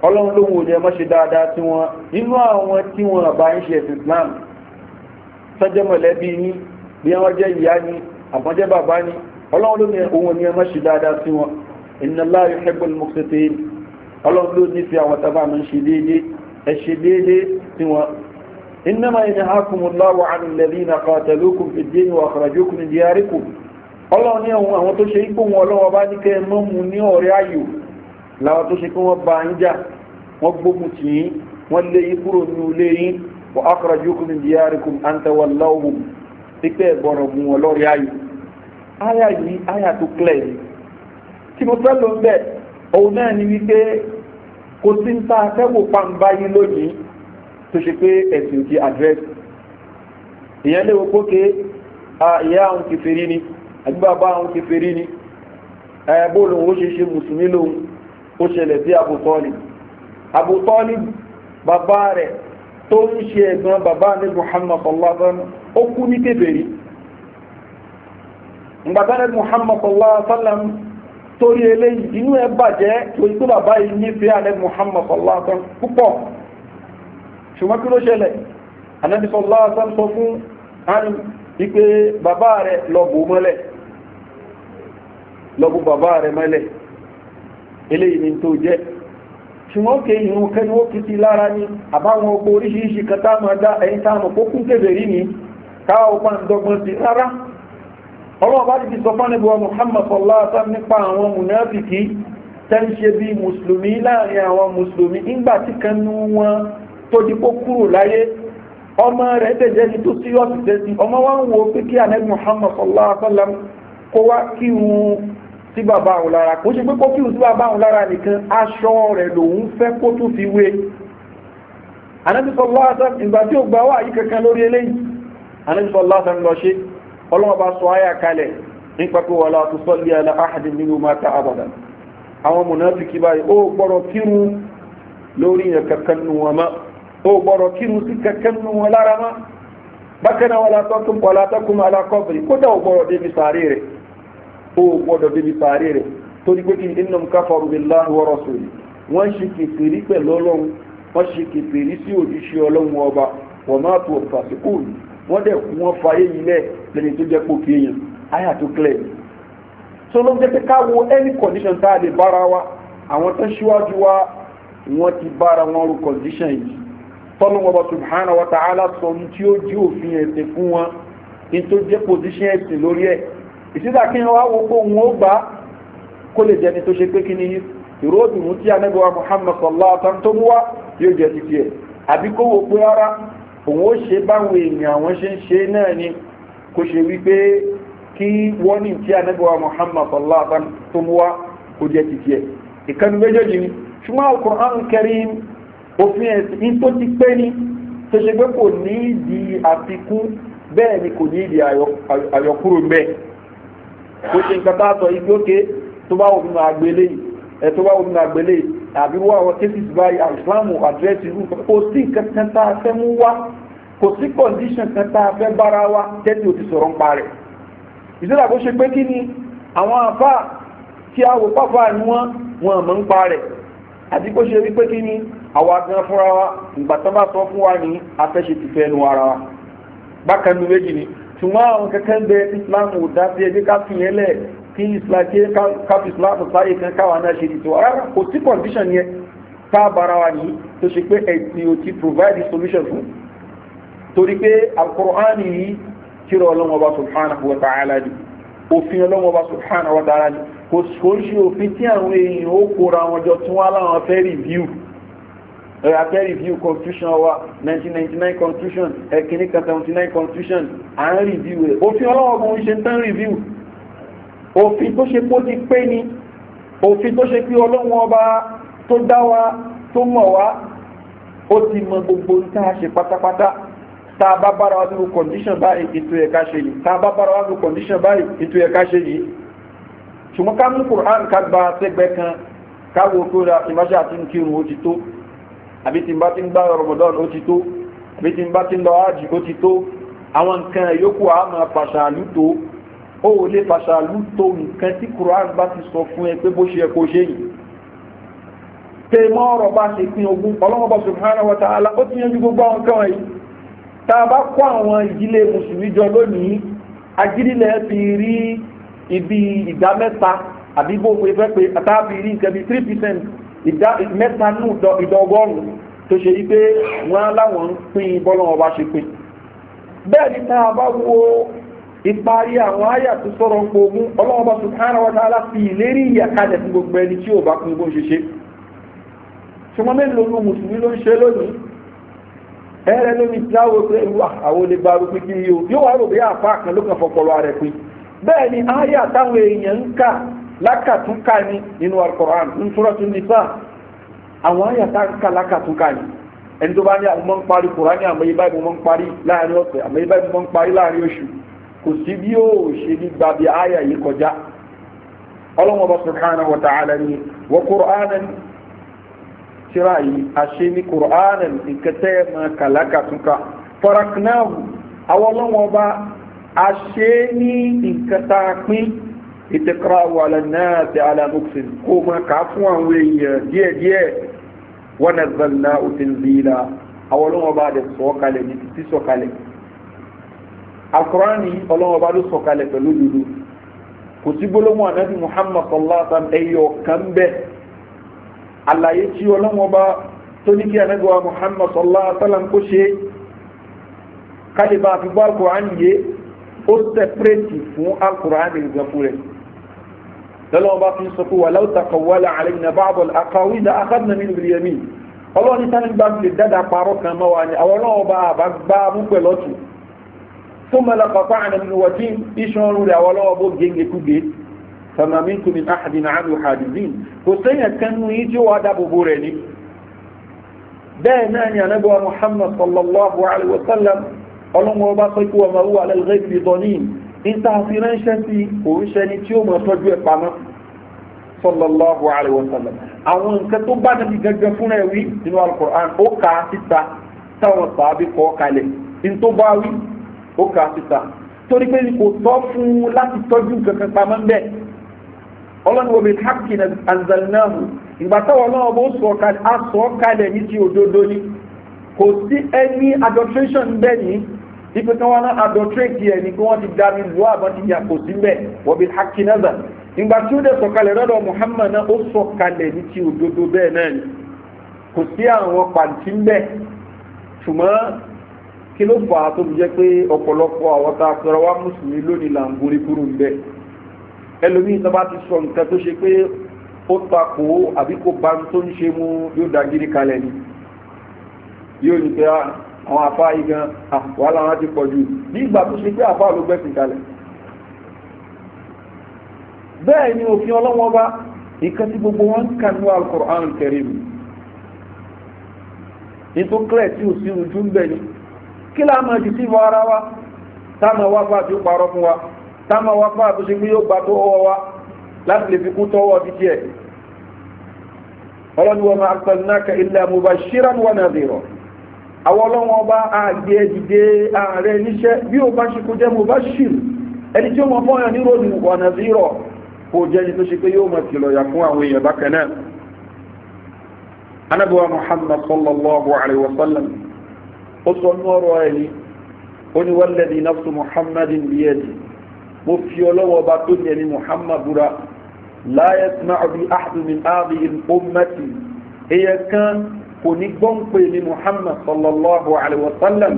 ọlọ́run lóhùn òjẹ́ mọ́ dáadáa tí wọ́n nínú àwọn tí wọ́n bá ń ṣe ẹ̀sìn Islam sọ́jẹ́ mọ̀lẹ́bí yín bí wọ́n jẹ́ ìyá ni àbọ̀jẹ́ bàbá ni ọlọ́run ló ní ohun ní ẹmọ́ ṣe dáadáa sí wọn ìnàlá yuhibbul muqsitin ọlọ́run ló ní fi àwọn tábà máa ń ṣe déédéé ẹ ṣe déédéé sí wọn. innama yanhakumullahu anil ladhina qatalukum fid din wa akhrajukum min diyarikum ọlọ́run ní ohun àwọn tó ṣe ipò wọn ọlọ́run bá ní kẹ́ ẹ mu ní ọ̀rẹ́ ayò làwọn tó ṣe kí wọ́n bá ń jà wọ́n gbógun tì wa akhrajukum min diyarikum an tawallawhum pípẹ́ ẹ̀gbọ́rọ̀ mú wọn lọ́rí ayò aya yìí aya tó clear ni tí mo fẹ́ lọ bẹ́ẹ̀ òun náà ni wípé kò sí ń ta akẹ́kọ̀ọ́ pàǹbá yín lónìí tó ṣe pé ẹ̀sìn òkè address ìyẹn léwo pókè ìyá àwọn ti fèrí ni àgbàbá àwọn ti fèrí ni bóòlù ó ṣe ṣe mùsùlùmí lòun ó ṣẹlẹ̀ sí Abu Talib Abu Talib bàbá rẹ̀ tó ń ṣe ẹ̀gbọ́n bàbá ní muhammad ọlọ́dún ó kú ní kébèrè ní muhammad ọlọ́dún torí eléyìí inú ẹ bàjẹ́ bàbá yìí àlẹ́ muhammad ọlọ́dún púpọ̀ ṣùgbọ́n kí ló ṣẹlẹ̀ anábìsọ ọlọ́dún sọ fún wípé bàbá rẹ̀ lọ́bù mọ́lẹ̀ lọ́bù bàbá mọ́lẹ̀ ni tó jẹ́ tí wọ́n ké irun kẹ́ni ó fi ti lára ní àbáwọn oko oríṣiríṣi kan tá máa dá ẹ̀yìn tá mọ̀ kókún kébè rí ni káwá ó ń dọ́gbọ́n sí rárá ọlọ́run bá ti fi sọ fánibù wa Muhammad sallallahu alaihi wasallam nípa àwọn mùnáfìkì tẹ́ ń ṣe bí mùsùlùmí láàrin àwọn mùsùlùmí ńgbà tí kan wọn tó di kó kúrò láyé ọmọ rẹ̀ tẹ̀jẹ́ ni tó sí ọ̀sì tẹ́sí ọmọ wa ń wo pé kí sallallahu alaihi wasallam kó sí bàbá òun lára kò ṣe pé kó kírun sí bàbá òun lára nìkan aṣọ rẹ̀ lòun fẹ́ kó tún fi wé anábìsọ lọ́sàn ìgbà tí ó gba wà yí kankan lórí eléyìí anábìsọ lọ́sàn lọ ṣe ọlọ́wọ́ bá sọ ayà kalẹ̀ nípa pé wọ́n láti sọ lé ó gbọ́dọ̀ kírun lórí kankan nu wọn ó gbọ́dọ̀ débi sàárè rẹ̀ torí pé kí iná mú káfọ́rù billahi wa rasuli wọ́n ṣe kèfèrí pẹ̀lú ọlọ́run wọ́n ṣe kèfèrí sí òjíṣẹ́ ọlọ́run ọba wọ́n máa tó fàṣíkò wọ́n dẹ̀ kú wọn fa ayé yìí lẹ̀ lẹ́yìn tó jẹ́ kó kéèyàn ayà tó clear so ló ń jẹ́ pé ká wo any condition tá a lè bára wa àwọn tó ṣíwájú wa wọ́n ti bára wọn ru condition yìí tọ́lú wọn subhanahu wa ta'ala sọ ní tí ó jí òfin ẹ̀sìn fún wọn ní tó jẹ́ position ẹ̀sìn lórí ẹ̀ ìtìsà kí wọ́n wá gbogbo òun ó gbà kó lè jẹ́ni tó ṣe pé kí ni ìró òdùnú tí Muhammad sallallahu wa sallam tó mú wá yóò ti tiẹ̀ àbí kó wo pé rárá òun ó ṣe báwọn èèyàn àwọn ṣe ń ṣe náà ni kó ṣe Muhammad sallallahu alaihi wa sallam tó mú wá kó ni ṣùgbọ́n Al-Qur'an òfin ẹ̀sìn tó ti ni tó ṣe pé kò ní ìdí àfikún bẹ́ẹ̀ ni kò ní ìdí àyọkúrò kó ṣe nǹkan tá a sọ ibi òkè tó bá òun àgbélé ẹ̀ tó bá òun àgbélé àbí wọ́n àwọn cases báyìí islam àdírẹ́sì irú kò sí nǹkan tá a fẹ́ mú wá kò sí condition kan tá a fẹ́ bára wa tẹ́tí ò ti sọ̀rọ̀ ń parẹ́ ìṣẹ́lẹ̀ àbó ṣe pé kí ni àwọn àfa tí a wò pàfà ni wọ́n wọn àmọ́ ń parẹ́ àti kó ṣe wípé kí ni àwa gan fúnra wa ìgbà tó bá sọ fún wa ní afẹ́ṣe ti fẹ́ nu ara wa bákan nu méjì ni ṣùgbọ́n àwọn kẹ́kẹ́ ń bẹ islam ò dá sí ẹgbẹ́ ká fìyẹn lẹ̀ kí islam kí ká fi islam sáyé kan káwa náà ṣe ìtò rárá kò sí condition yẹn tá a bára wa yìí tó ṣe pé ẹ̀sìn ò ti provide solution fún torí pé alukur'an yìí kíra ọlọ́wọ́ bá subhanahu wa ta'ala ni òfin ọlọ́wọ́ bá subhanahu wa ta'ala ni kò sí òfin tí àwọn èèyàn ó kóra wọn jọ tí wọ́n láwọn fẹ́ review ẹ afẹ́ review constitution wa 1999 ninety nine constitution ẹ kìíní kan seventy nine constitution à ń review rẹ̀ òfin ọlọ́wọ́ kan ń ṣe ń tán review òfin tó ṣe pé ó ti pé ni òfin tó ṣe pé ọlọ́wọ́n ọba tó dá wa tó mọ̀ wá ó ti mọ gbogbo tá a ṣe pátápátá tá a bá bára wa nínú condition báyìí ètò ẹ̀ka ṣe yìí tá a bá bára wa nínú condition báyìí ètò ẹ̀ka ṣe yìí ṣùgbọ́n ká mú Qur'an ká gba sẹ́gbẹ́ kan ká wo kó ra ìmáṣá àti nkírun ó ti tó àbí tí n bá ti ń gbá rọmọdọ́n ó ti tó àbí tí n bá ti ń lọ ájì ó ti tó àwọn nǹkan yòókù á máa pàṣàlú tó ó ò lè pàṣàlú tó nǹkan tí quran bá ti sọ fún ẹ pé bó ṣe yẹ kó ṣe yìí pé mọ́ ọ̀rọ̀ bá ṣe pín ogún ọlọ́mọba subhanahu wa ta'ala ó ti yanjú gbogbo àwọn kan yìí tá a bá kó àwọn ìdílé mùsùlùmí jọ lónìí agídílẹ̀ fi rí ibi ìdá mẹ́ta àbí bó ṣe fẹ́ pé àtàbí rí nǹkan bíi three percent mẹ́ta nù ìdá ún tó ṣe wípé wọ́n láwọn bọ́lọ́ ọba ṣe pín bẹ́ẹ̀ ni bá wo ìparí àwọn àyà tó sọ́rọ̀ ń pogún ọlọ́wọ́ba subhanahu gbogbo ẹni tí ò bá pín bó ń ṣùgbọ́n mélòó ló mùsùlùmí ló ń ṣe lónìí ẹ̀rẹ́ lómi tí àwọn àwọn bá rú pínpín kan fọpọlọ rẹ̀ pín bẹ́ẹ̀ ni táwọn èèyàn ń lákàtúnkà ni nínú alukoran ní sọ́rọ́tún nípa àwọn àyàtà ń ka lákàtúnkà ni ẹni tó bá ní àwọn máa ń parí koran ní àmọ́ ibà ìbò máa ń parí láàrin ọ̀sẹ̀ àmọ́ ibà ìbò máa parí láàrin oṣù kò sí bí ó ṣe ní gbàgbé àyà yìí kọjá ọlọ́wọ́n bá subhanahu wa ta'ala ni wọ́n koranan tira yìí àṣẹ ní koranan ìkẹtẹ́ máa kà lákàtúnkà faraknahu àwọn ọlọ́wọ́n bá àṣẹ ní ìkẹta pín ìtẹ́kọ́ráwọ̀ alẹ́nàáti alamuksin kó ma ká fún àwọn èèyàn díẹ̀díẹ̀ wọ́n ẹ̀zẹ̀lá òfin zíla àwọn ọlọ́wọ́ bá dẹ̀ sọ́kalẹ̀ ní títí sọ́kalẹ̀ alukurani ọlọ́wọ́ bá ló sọ́kalẹ̀ pẹ̀lú dúdú kò sí gbólóhùn anabi muhammad sallallahu alaihi wa sallam ẹ̀yọ kan bẹ́ẹ̀ àlàyé tí ọlọ́wọ́ bá tó ní kí anabi wa kó ṣe kálíbà bá alukurani yé ó sẹpẹrẹtì fún alukurani ìgbàfúrẹ́ lọ́lọ́wọ́ bá fi ń sọ pé wà láwùtà kọ̀wálà àlẹ́yìn àbábọ̀ àkàwé ìdá akádùnà mi lórí ẹ̀mí ọlọ́run ní sani gbà lè dáadáa parọ́ kan mọ́ wa ni àwọn ọlọ́wọ́ bá àbá gbá mú pẹ̀lú ọ̀tún tó mẹ́lẹ̀ pàpà àná mi wọ̀ tí iṣan rú rẹ̀ àwọn ọlọ́wọ́ bó gégekúge sàmàmí kùmí àhàdìnà àmì òhàdìzín kò sẹ́yìn kan nù yín níta fi ránṣẹ́ sí òunṣẹ́ ni tí ó mọ̀ tọ́jú ẹ̀ pamọ́ sallallahu alayhi wa sallam àwọn nǹkan tó bá nàbí gẹ́gẹ́ fún ẹ̀ wí nínú alukur'an ó kà á síta táwọn sàábì kọ́ kalẹ̀ ní tó bá wí ó kà á síta torí pé kò tọ́ fún un láti tọ́jú kankan pamọ́ bẹ́ẹ̀ ọlọ́ni wo bíi haqqi anzalnahu ìgbà táwọn náà bó sọ kalẹ̀ ní ti òdodo ni kò sí ẹni adulteration ipe kan wọn náà adọtrẹ́tì ẹni pé wọ́n ti dá mi lu àbọ̀ ti yà kò síbẹ̀ wọ̀bi hakinada ìgbà tí ó dẹ̀ sọ̀kalẹ̀ lọ́dọ̀ Muhammad náà ó sọ̀kalẹ̀ ní ti òdodo bẹ́ẹ̀ náà ni kò sí àwọn pàǹtí ń bẹ̀ ṣùgbọ́n kí ló fà á tó fi jẹ́ pé ọ̀pọ̀lọpọ̀ àwọn tá a sọ̀rọ̀ wá mùsùlùmí lónìí là ń borí kúrò ń bẹ̀ ẹlòmíín tó bá ti sọ nǹkan tó ṣe pé ó takò àbí kò bá tó ń ṣe mú yóò dagiri kalẹ̀ ni yóò ní pé ah, àwọn àfa igan wàhálà wọn ti pọ̀ jù ní ìgbà tó ṣe pé àfa ló gbẹ́sìn kalẹ̀ bẹ́ẹ̀ ni òfin ọlọ́wọ́n bá nǹkan tí gbogbo wọn ń kà ní Al-Qur'an Al-Karim ní tó clear tí ò sí ojú ń bẹ̀ ni kí láà máa jù sí ìwọ ara wa táwọn wọn náà kẹ́ àwọn ọlọ́wọ́n bá àgbé ẹ̀dìdé ààrẹ níṣẹ́ bí ó bá ṣe kó jẹ́ mo bá ṣì ẹni tí ó mọ fọ́yàn ní ròdù ọ̀nà zírọ̀ kò jẹ́ ẹni tó ṣe pé yóò mọ̀ kìlọ̀yà fún àwọn èèyàn bákan náà anábíwá muhammad sallallahu alaihi wa sallam ó sọ ní ọ̀rọ̀ ẹni ó ní wọ́n lẹ́ni nafsu muhammadin biyẹ́dì mo fi ọlọ́wọ́ bá tó ní ẹni muhammad búra láyé tí bí ahdumin áàbí in èèyàn kan kò ní gbọ́npé ní muhammad sallallahu alayhi wa sallam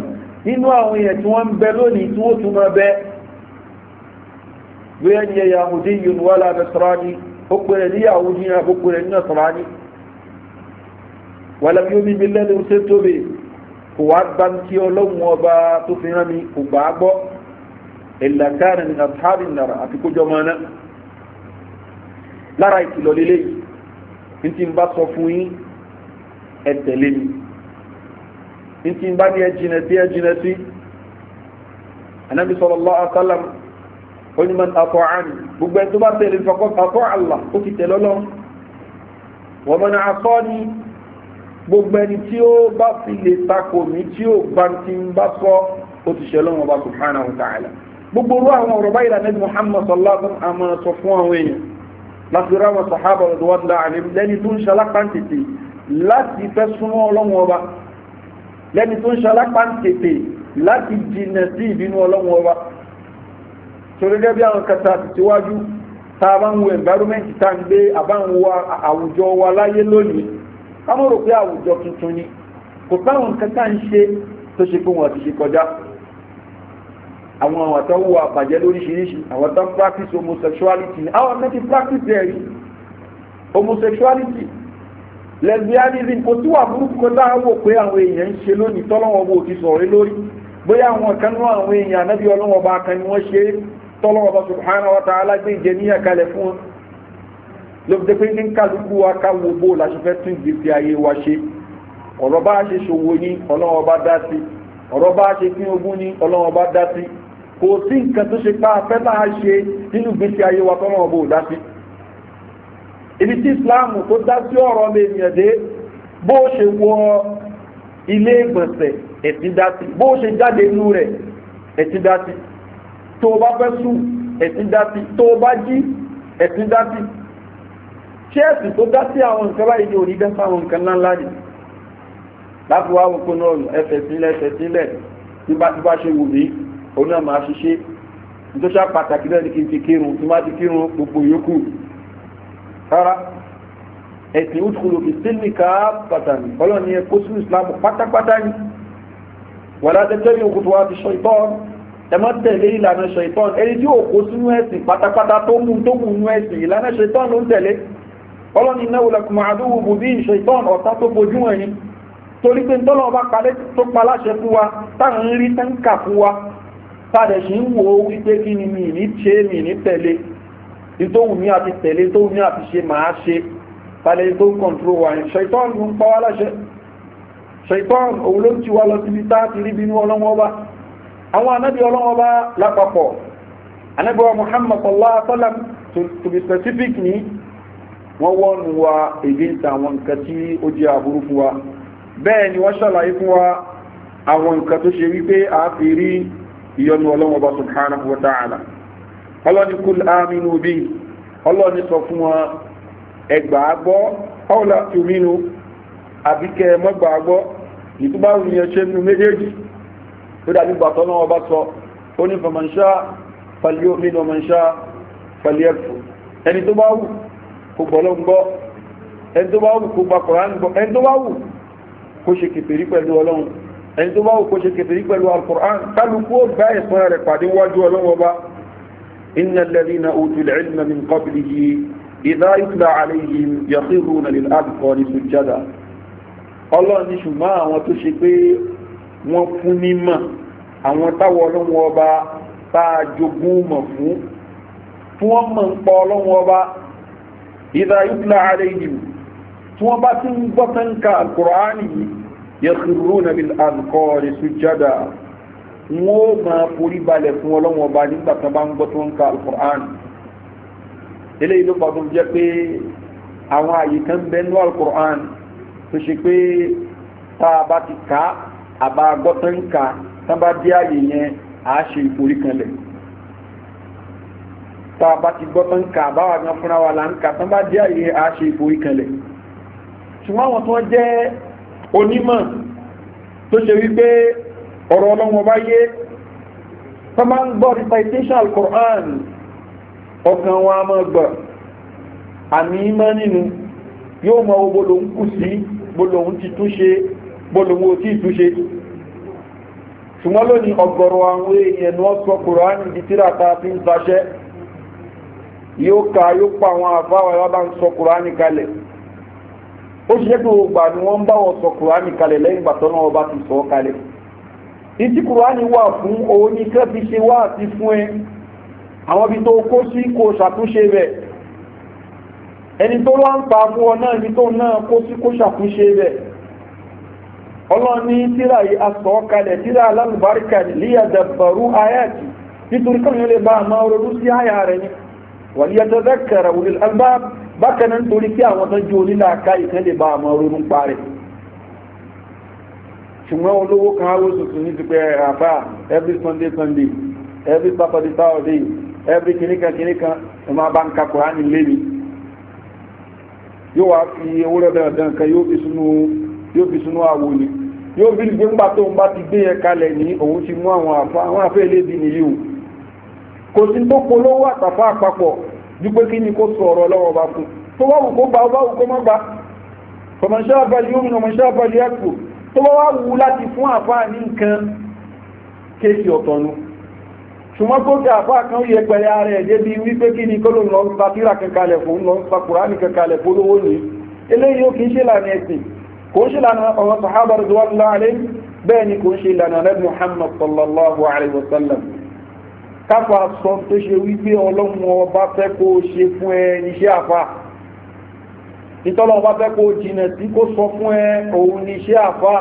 nínú àwọn èèyàn tí wọ́n ń bẹ lónìí tí wọ́n tún máa bẹ bóyá ní yahudi yun wàlá nasarani ó pèrè ní yahudi yẹn àbó pèrè ní nasarani wàlá bí omi mi lẹ́nu ṣe tóbi kò wá gbáǹtí ọlọ́run ọba tó fi hàn mí kò gbà á gbọ́ ìlàkàrẹ̀ ní àtàrí nàrà àti kójọ máa ná lára ìkìlọ̀ lélẹ́yìí ní ti ń bá sọ fún yín ẹ tẹ̀lé mi ní tí n bá ní ẹ jìnà sí ẹ jìnà sí anabi sallallahu alaihi wasallam onímọ̀ àtọ̀ àmì gbogbo ẹni tó bá tẹ̀lé fọkọ́ àtọ̀ Allah ó ti tẹ̀lé ọlọ́run wọ́n mọ̀ ní àtọ́ ni gbogbo ẹni tí ó bá fi lè takò mí tí ó bá ti ń bá sọ ó ti ṣe lọ́wọ́ bá subhanahu wa ta'ala gbogbo orú àwọn ọ̀rọ̀ báyìí lànà ní muhammad sallallahu alaihi wa sọ fún àwọn èèyàn láti rí àwọn sàhábà ọ̀dọ̀ wọn lẹ́ni tó ń ṣe alápáǹtìtì láti fẹ́ súnmọ́ ọlọ́run ọba lẹ́ni tó ń ṣalápá ń tètè láti jìnà sí ìbínú ọlọ́run ọba torí bí àwọn kata àtìtíwájú tá bá ń wo environment tá ń gbé àbá àwùjọ wa láyé lónìí ká mọ̀ rò pé àwùjọ tuntun ni kò táwọn kata ń ṣe tó ṣe pé wọn ti kọjá àwọn àwọn àtọ́ wo lóríṣiríṣi àwọn tó ń practice homosexuality ni àwọn kan ti practice ẹ̀ homosexuality lesbianism kò tí wà burúkú kan táwọn wò pé àwọn èèyàn ń ṣe lónìí tọ́lọ́wọ́n bò ti sọ̀rọ̀ lórí bóyá àwọn kan náà àwọn èèyàn anábì ọlọ́wọ́n bá kan ni wọ́n ṣe tọ́lọ́wọ́n bá la ṣe fẹ́ tún ìgbésí ayé wa ṣe ọ̀rọ̀ bá ṣe ṣòwò ní ọlọ́wọ́n bá dá sí ọ̀rọ̀ bá ṣe pín ogún ní ọlọ́wọ́n bá dá sí ibi tí ìsìláàmù tó dá sí ọ̀rọ̀ ọmọ ènìyàn dé bó ṣe wọ ilé ìgbọ̀nsẹ̀ ẹ̀sìn dá sí bó ṣe jáde inú rẹ̀ ẹ̀sìn dá sí tó o bá fẹ́ sùn ẹ̀sìn dá sí tó o bá jí ẹ̀sìn dá sí ṣé ẹ̀sìn tó dá sí àwọn nǹkan báyìí ní òní dá nǹkan ńláńlá ni láti wá wọ́pọ̀ náà ẹsẹ̀ sílẹ̀ ẹsẹ̀ sílẹ̀ tí bá ṣe wù mí òun náà máa ṣiṣẹ́ nítorí pàtàkì náà ní kí n ti kírun tí má ti kírun gbogbo yòókù rárá ẹ̀sìn ìwúdùkúlù fi sílmì káàpàtà ní ọlọ́run ní ẹ̀kọ́ sí islam pátápátá ní wàlá tẹ́tẹ́rì òkùtù wa ti sọ ìtọ́ ẹ má tẹ̀lé ìlànà sọ ìtọ́ ẹni tí ò kó sínú ẹ̀sìn pátápátá tó mú tó mú nú ẹ̀sìn ìlànà sọ ìtọ́ ló ń tẹ̀lé ọlọ́run iná wùlẹ̀ kùmọ̀ àdúgbò bù bí ìṣọ ìtọ́ ọ̀tá tó fojú wọn yìí torí pé ntọ́lọ́ ọba kalẹ̀ tó pa láṣẹ fún wa táwọn ń rí táǹkà fún wa tá a dẹ̀ sì ń wò ó wípé kí ni mi ní ní tẹ̀lé nítorí mi àti tẹ̀lé nítorí mi àti ṣe màá ṣe balẹ̀ tó ń kọ̀ntró wa ní ṣaitán ń pa wá láṣẹ ṣaitán òun ló ń ti wá lọ síbi tá ti rí bínú ọlọ́wọ́ bá àwọn anábì ọlọ́wọ́ bá lápapọ̀ anábì wa muhammad sallallahu alaihi to be specific ni wọ́n wọ́nu wa against àwọn nǹkan tí ó jẹ́ àbúrú fún wa bẹ́ẹ̀ ni wọ́n ṣàlàyé fún wa àwọn nǹkan tó ṣe wípé a fi rí ìyọnu ọlọ́wọ́ bá subhanahu wa ta'ala ọlọ́ni kúl ámínú bí ọlọ́ni sọ fún wọn ẹgbàá gbọ́ ọ̀la tùmínú àbíkẹ́ mọ́gbàá gbọ́ ìtúbà òyìnbó ṣe nínú méjèèjì tó dàbí gbàtọ́ náà ọba sọ ó ní fọmọ̀nṣá fàlíò nínú ọmọ̀nṣá fàlíẹ̀fù ẹni tó bá wù kó gbọ́lọ́ ń gbọ́ ẹni tó bá wù kó gba kọ̀rán gbọ́ ẹni tó bá wù kó ṣe kèfèrí pẹ̀lú ọlọ́run ẹni tó bá wù kó ṣe kèfèrí pẹ̀lú alkùrán kálukú ó gbá ẹ̀sán rẹ̀ pàdé wájú ọlọ́run ọba إن الذين أوتوا العلم من قبله إذا يتلى عليهم يخرون للأذقان سجدا الله ní ṣùgbọ́n àwọn tó ṣe pé wọ́n fún ní mọ̀ àwọn táwọn ọlọ́run ọba tá a jogún mọ̀ fún tí wọ́n mọ̀ ń pa ọlọ́run ọba ìdá yúkúlá ààrẹ ìdìbò tí wọ́n bá ti ń gbọ́ tán ká àkùrọ̀ ánìyí yẹ kúrò nàbí àlùkọ́ rẹ̀ wọn ó máa forí balẹ̀ fún ọlọ́wọ́n ọba nígbà tí wọ́n bá ń gbọ́ tó ń ka alukur'an eléyìí ló fà tó jẹ́ pé àwọn àyè kan bẹ nú alukur'an tó ṣe pé tá a bá ti ka àbá gbọ́ tó ń ka tá a bá dé àyè yẹn à á ṣe ìforí kanlẹ̀ tá a bá ti gbọ́ tó ń ka àbá wà gan fúnra wa là ń ka tá a bá dé àyè yẹn à á ṣe ìforí kanlẹ̀ ṣùgbọ́n àwọn tó ń jẹ́ onímọ̀ tó ṣe wípé ọ̀rọ̀ ọlọ́run ọba yé wọ́n máa ń gbọ́ recitation alukur'an ọkàn wọn a máa gbà àmì ìmọ̀ nínú yóò mọ owó lòun kù sí bólòun ti túnṣe bólòun ò tí túnṣe ṣùgbọ́n lónìí ọgọ̀rọ̀ àwọn èèyàn ni wọ́n sọ kùránì di tírata fi ń saṣẹ́ yóò ka yóò pa àwọn àfáwà yóò bá ń sọ kùránì kalẹ̀ ó ṣe pé ògbà ni wọ́n ń bá wọn sọ kùránì kalẹ̀ lẹ́yìn ìgbà tó náà wọ́n bá ti sọ kalẹ̀ ìtí kùránì wà fún òun ní kẹ́ fi ṣe wá àti fún ẹ àwọn ibi tó kó sí kò ṣàtúnṣe rẹ̀ ẹni tó wá ń pa fún ọ náà ibi tó náà kó sí kó ṣàtúnṣe rẹ̀ ọlọ́run ní tíra yìí aṣọ kalẹ̀ tíra alálùbáríkà líyà dàbàrú ayáàtì nítorí káwọn lè bá àmọ́ ronú sí àyà rẹ̀ ni wàlíyà tó dákàrà wòlé albá bákan náà nítorí kí àwọn tó jó nílà ṣùgbọ́n olówó kan áwó tuntun ní ti pẹ́ àbá every sunday sunday every saturday saturday every kìnìkan kìnìkan ẹ máa bá ń ka kùránì lémi yóò wá fi owó rẹ̀ dandan kan yóò fi sunu yóò fi sunu àwo ni yóò fi gbé ńgbà tó ń bá ti gbé yẹn kalẹ̀ ní òun ti mú àwọn àfa àwọn afẹ́ eléèdì nìyí o kò sí tó polówó àtàfà àpapọ̀ dípé kí ni kò sọ̀rọ̀ lọ́wọ́ bá fún tó wá wù kó bá wù kó má gbà kọ̀mọ̀ṣẹ́ àbálẹ̀ yóò mú ọmọṣẹ́ àbálẹ̀ ẹ̀kọ́ tó bá wá wù láti fún àfáà ní nǹkan kéèkì ọ̀tọ̀nu ṣùgbọ́n tó tẹ àfáà kan yẹ pẹ̀lẹ́ ara ẹ̀ débi wípé kí ni kó ló ń lọ gba tíra kankalẹ̀ fún lọ gba kùránì kankalẹ̀ fún lówó ní eléyìí ó kì í ṣe lànà ẹ̀sìn kò ń ṣe lànà ọ̀rọ̀ sàhábà radiyallahu Muhammad sallallahu alayhi wa sallam káfà sọ tó ṣe wípé ọlọ́run ọba fẹ́ kó ṣe fún ẹ níṣẹ́ àfáà ìtọ́lọ́wọ́ bá fẹ́ kó jìnà sí kó sọ fún ẹ òun ní iṣẹ́ àfá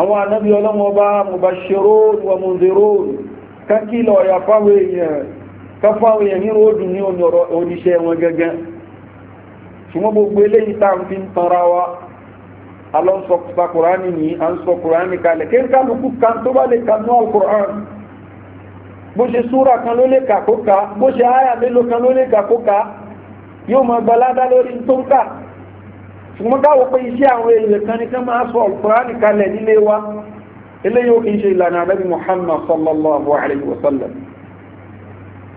àwọn anábí ọlọ́wọ́ bá mubashiro wa mundiro kákìlọ̀ ọ̀yà fáwọn èèyàn káfáwọn èèyàn nírò ó dùn ní oníṣẹ́ wọn gẹ́gẹ́ ṣùgbọ́n gbogbo eléyìí tá n fi ń tanra wa alọ́ ń sọ kùránì ní à ń sọ kùránì kalẹ̀ bó ṣe súra kan ló lè kà kó bó ṣe áyà mélòó kan ló lè kà kó yóò máa gba ládá lórí tó ń kà ṣùgbọ́n káwọ́ pé iṣẹ́ àwọn èèyàn kan ní kán máa sọ Al-Qur'ani kalẹ̀ nílé wa eléyìí ó kì í ṣe ìlànà Ànábì Muhammad sallallahu alayhi wa sallam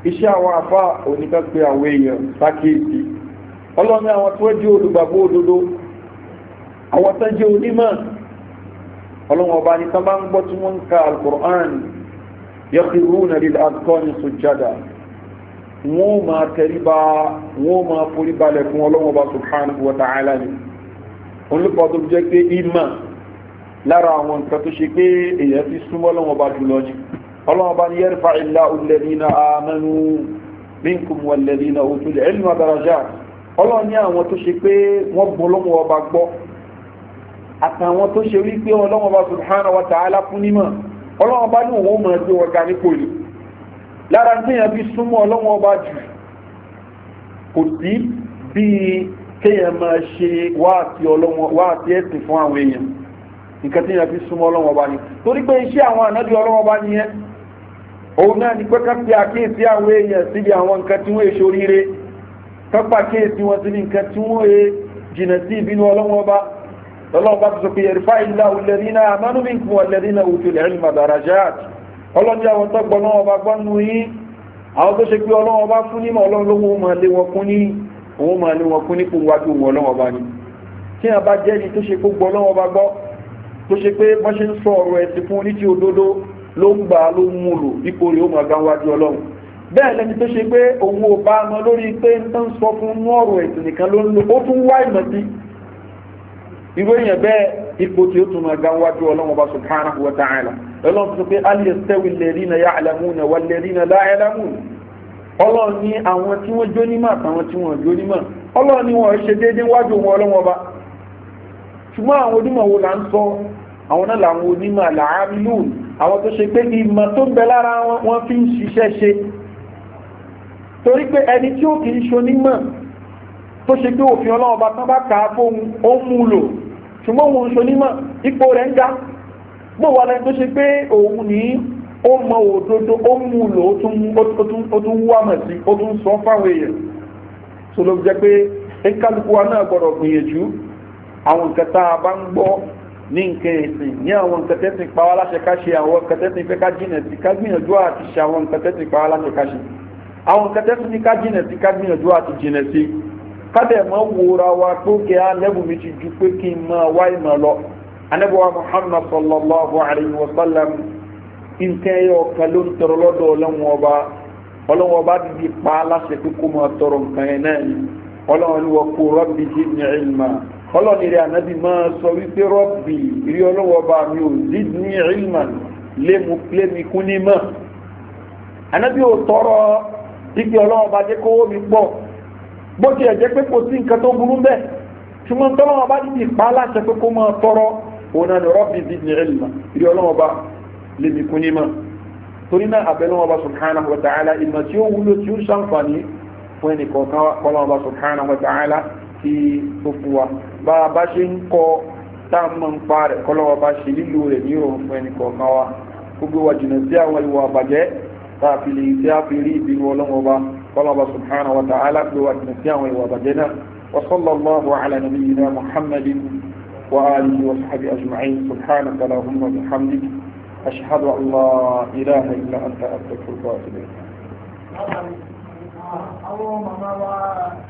iṣẹ́ àwọn afá oníkàpẹ́ àwọn èèyàn sákèèsì ọlọ́ni àwọn tó jẹ́ olùgbàgbọ́ òdodo àwọn tó jẹ́ onímọ̀ ọlọ́wọ́n ọba ní sábà ń gbọ́ tí wọ́n ń ka Al-Qur'an yakhruna lil-adqani sujjada wọ́n máa tẹríba wọ́n máa forí balẹ̀ fún ọlọ́wọ́n bá subhanahu wa ta'ala ni olùkọ́ tó jẹ́ pé ìmọ̀ lára àwọn nǹkan tó ṣe pé èèyàn ti súnmọ́ ọlọ́wọ́n bá jùlọ ni ọlọ́wọ́n bá ní yẹ́rìfà ìlà olùlẹ́dínà àmẹ́nu minkum wàlẹ́dínà òtún ilmu daraja ọlọ́wọ́n ní àwọn tó ṣe pé wọ́n gbọ́ ọlọ́wọ́n gbọ́ àtàwọn tó ṣe wípé ọlọ́wọ́n bá subhanahu wa ta'ala fún nímọ̀ ọlọ́wọ́n bá òun mọ̀ ẹgbẹ́ lára téèyàn fi súnmọ́ ọlọ́wọ́n ọba jù kò sí bíi kéèyàn máa ṣe wá àti ẹ̀sìn fún àwọn èèyàn nǹkan téèyàn fi súnmọ́ ọlọ́wọ́n ọba ni torí pé iṣẹ́ àwọn ànábì ọlọ́wọ́n ọba nìyẹn òun náà ni pé ká fi àkíyèsí àwọn èèyàn síbi àwọn nǹkan tí wọ́n èso ríire ká pàkíyèsí wọn síbi nǹkan tí wọ́n è jìnà sí ìbínú ọlọ́wọ́n ọba lọ́lọ́wọ́n bá ti sọ pé yẹrìfà ìlà òlẹ́rìnà àmánúmínkù ọ̀lẹ́rìnà òjòlẹ́rìn màdàrájáàtì ọlọ́dí àwọn tó gbọ́ náà ọba gbọ́ nù yín àwọn tó ṣe pé ọlọ́wọ́ bá fún nímọ̀ ọlọ́run ló wọ́n máa lé wọn kún ní òun máa lé wọn kún ní kún wájú wọn ọlọ́wọ́ bá ní ni tó ṣe gbogbo ọlọ́wọ́ bá gbọ́ tó ṣe pé wọ́n ṣe ń sọ ọ̀rọ̀ ẹ̀sìn fún oníṣẹ́ òdodo bẹ́ẹ̀ lẹni tó ṣe pé òun ò bá mọ lórí pé ń tán sọ fún inú ọ̀rọ̀ ẹ̀sìn nìkan ló ń lo ó tún wá ìmọ̀ sí irú bẹ́ẹ̀ ipò tí ó tún máa ga wájú ọlọ́run ọba subhanahu wa ọlọ́run sọ pé aliyestewi lẹ́rìnà yá àlàmúnà wà lẹ́rìnà láàlámúnà ọlọ́run ní àwọn tí wọ́n jónímọ̀ àtàwọn tí wọ́n jónímọ̀ ọlọ́run ní wọ́n ṣe déédéé wájú wọn ọlọ́wọ́n bá ṣùgbọ́n àwọn onímọ̀ wo là ń sọ àwọn náà làwọn onímọ̀ làámìlú àwọn tó ṣe pé ìmọ̀ tó ń bẹ lára wọn fi ń ṣiṣẹ́ ṣe torí pé ẹni tí ó kì í ṣonímọ̀ tó ṣe pé òfin ọlọ́wọ́n bá tán bá kà á fóun ó mú lò ṣùgbọ́n òun ṣonímọ̀ ipò rẹ̀ ń ga bó wà lẹ́nu tó ṣe pé òun ní ó mọ òdodo ó mú un lò ó tún wú àmọ̀ sí ó tún sọ fáwọn èèyàn tó ló jẹ́ pé ẹ̀kálukú wa náà gbọ́dọ̀ gbìyànjú àwọn nǹkan tá a bá ń gbọ́ ní nǹkan ẹ̀sìn ní àwọn nǹkan tẹ́sìn pa wá láṣẹ ká ṣe àwọn nǹkan tẹ́sìn fẹ́ ká jìnà sí ká gbìyànjú àti ṣe àwọn nǹkan tẹ́sìn pa wá láṣẹ ká ṣe àwọn nǹkan tẹ́sìn ní ká jìnà sí ká gbìyànjú àti jìnà sí ká dẹ̀ mọ́ wòra wa pé kẹ́ á lẹ́bùn mi ti ju pé kí n máa wá ìmọ̀ lọ anabiwa muhammad sallallahu alayhi wa sallam nǹkan yẹ ọ̀kan ló ń tọrọ lọ́dọ̀ ọlọ́wọ́n ọba ọlọ́wọ́n ọba ti di pa aláṣẹ pé kó máa tọrọ nǹkan yẹn náà ni ọlọ́wọ́n ni wọ́n kó rọ́bì jí ní ìlmà ọlọ́ni rẹ̀ ànábì máa sọ wípé rọ́bì rí ọlọ́wọ́n ọba mi ò jí ní ìlmà lémi kún ní mọ́ ànábì ò tọrọ òun náà ni rọ́bì zidni ilma ilé ọlọ́wọ́ bá lè mi kún ní mọ́ torí náà abẹ́lọ́wọ́ bá subhanahu wa ta'ala ìmọ̀ tí ó wúlò tí ó ṣàǹfààní fún ẹnì kọ̀ọ̀kan kọ́lọ́wọ́ bá subhanahu wa ta'ala ti tó fún wa bá a bá ṣe ń kọ́ tá a mọ̀ ń pa rẹ̀ kọ́lọ́wọ́ bá ṣe lílo rẹ̀ ní ìrọ̀rùn fún ẹnì wa gbogbo wa jìnnà sí àwọn ìwà àbàjẹ́ tá a fi lè tí a fi rí ìbínú ọlọ́wọ́ bá طلب سبحانه وتعالى بوأن نسيان وبدنا وصلى الله على نبينا محمد وآله وصحبه أجمعين سبحانك اللهم وبحمدك أشهد أن لا إله إلا أنت أستغفرك وأتوب إليك